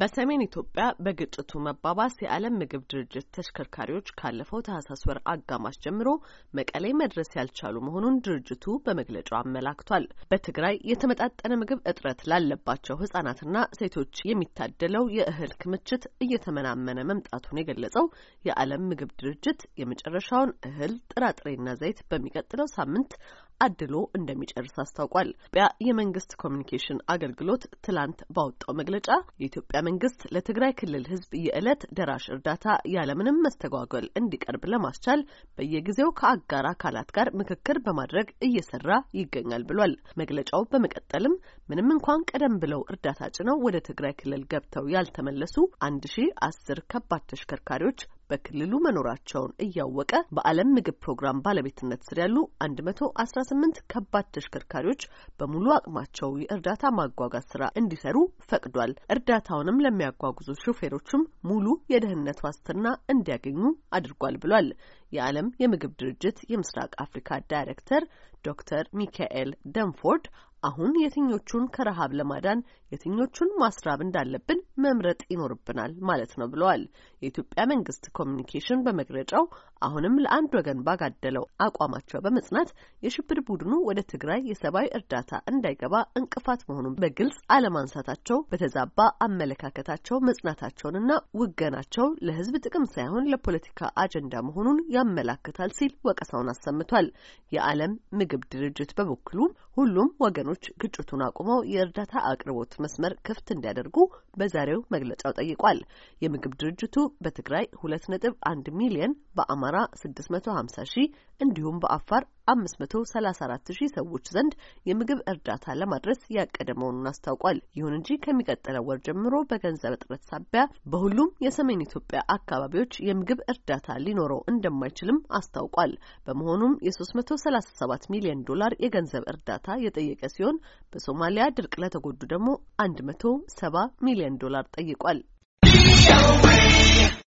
በሰሜን ኢትዮጵያ በግጭቱ መባባስ የዓለም ምግብ ድርጅት ተሽከርካሪዎች ካለፈው ታህሳስ ወር አጋማሽ ጀምሮ መቀሌ መድረስ ያልቻሉ መሆኑን ድርጅቱ በመግለጫው አመላክቷል። በትግራይ የተመጣጠነ ምግብ እጥረት ላለባቸው ህጻናትና ሴቶች የሚታደለው የእህል ክምችት እየተመናመነ መምጣቱን የገለጸው የዓለም ምግብ ድርጅት የመጨረሻውን እህል ጥራጥሬና ዘይት በሚቀጥለው ሳምንት አድሎ እንደሚጨርስ አስታውቋል። ኢትዮጵያ የመንግስት ኮሚኒኬሽን አገልግሎት ትላንት ባወጣው መግለጫ የኢትዮጵያ መንግስት ለትግራይ ክልል ህዝብ የዕለት ደራሽ እርዳታ ያለምንም መስተጓጎል እንዲቀርብ ለማስቻል በየጊዜው ከአጋር አካላት ጋር ምክክር በማድረግ እየሰራ ይገኛል ብሏል። መግለጫው በመቀጠልም ምንም እንኳን ቀደም ብለው እርዳታ ጭነው ወደ ትግራይ ክልል ገብተው ያልተመለሱ አንድ ሺ አስር ከባድ ተሽከርካሪዎች በክልሉ መኖራቸውን እያወቀ በዓለም ምግብ ፕሮግራም ባለቤትነት ስር ያሉ አንድ መቶ አስራ ስምንት ከባድ ተሽከርካሪዎች በሙሉ አቅማቸው የእርዳታ ማጓጓዝ ስራ እንዲሰሩ ፈቅዷል። እርዳታውንም ለሚያጓጉዙ ሾፌሮችም ሙሉ የደህንነት ዋስትና እንዲያገኙ አድርጓል ብሏል። የዓለም የምግብ ድርጅት የምስራቅ አፍሪካ ዳይሬክተር ዶክተር ሚካኤል ደንፎርድ አሁን የትኞቹን ከረሃብ ለማዳን የትኞቹን ማስራብ እንዳለብን መምረጥ ይኖርብናል ማለት ነው ብለዋል። የኢትዮጵያ መንግስት ኮሚኒኬሽን በመግለጫው አሁንም ለአንድ ወገን ባጋደለው አቋማቸው በመጽናት የሽብር ቡድኑ ወደ ትግራይ የሰብአዊ እርዳታ እንዳይገባ እንቅፋት መሆኑን በግልጽ አለማንሳታቸው በተዛባ አመለካከታቸው መጽናታቸውንና ውገናቸው ለህዝብ ጥቅም ሳይሆን ለፖለቲካ አጀንዳ መሆኑን ያመላክታል ሲል ወቀሳውን አሰምቷል። የዓለም ምግብ ድርጅት በበኩሉ ሁሉም ወገኖች ግጭቱን አቁመው የእርዳታ አቅርቦት መስመር ክፍት እንዲያደርጉ በዛሬው መግለጫው ጠይቋል። የምግብ ድርጅቱ በትግራይ ሁለት ነጥብ አንድ ሚሊየን በአማራ ስድስት መቶ ሀምሳ ሺህ እንዲሁም በአፋር አምስት መቶ ሰላሳ አራት ሺህ ሰዎች ዘንድ የምግብ እርዳታ ለማድረስ ያቀደ መሆኑን አስታውቋል። ይሁን እንጂ ከሚቀጥለው ወር ጀምሮ በገንዘብ እጥረት ሳቢያ በሁሉም የሰሜን ኢትዮጵያ አካባቢዎች የምግብ እርዳታ ሊኖረው እንደማይችልም አስታውቋል። በመሆኑም የሶስት መቶ ሰላሳ ሰባት ሚሊዮን ዶላር የገንዘብ እርዳታ የጠየቀ ሲሆን በሶማሊያ ድርቅ ለተጎዱ ደግሞ አንድ መቶ ሰባ ሚሊዮን ዶላር ጠይቋል።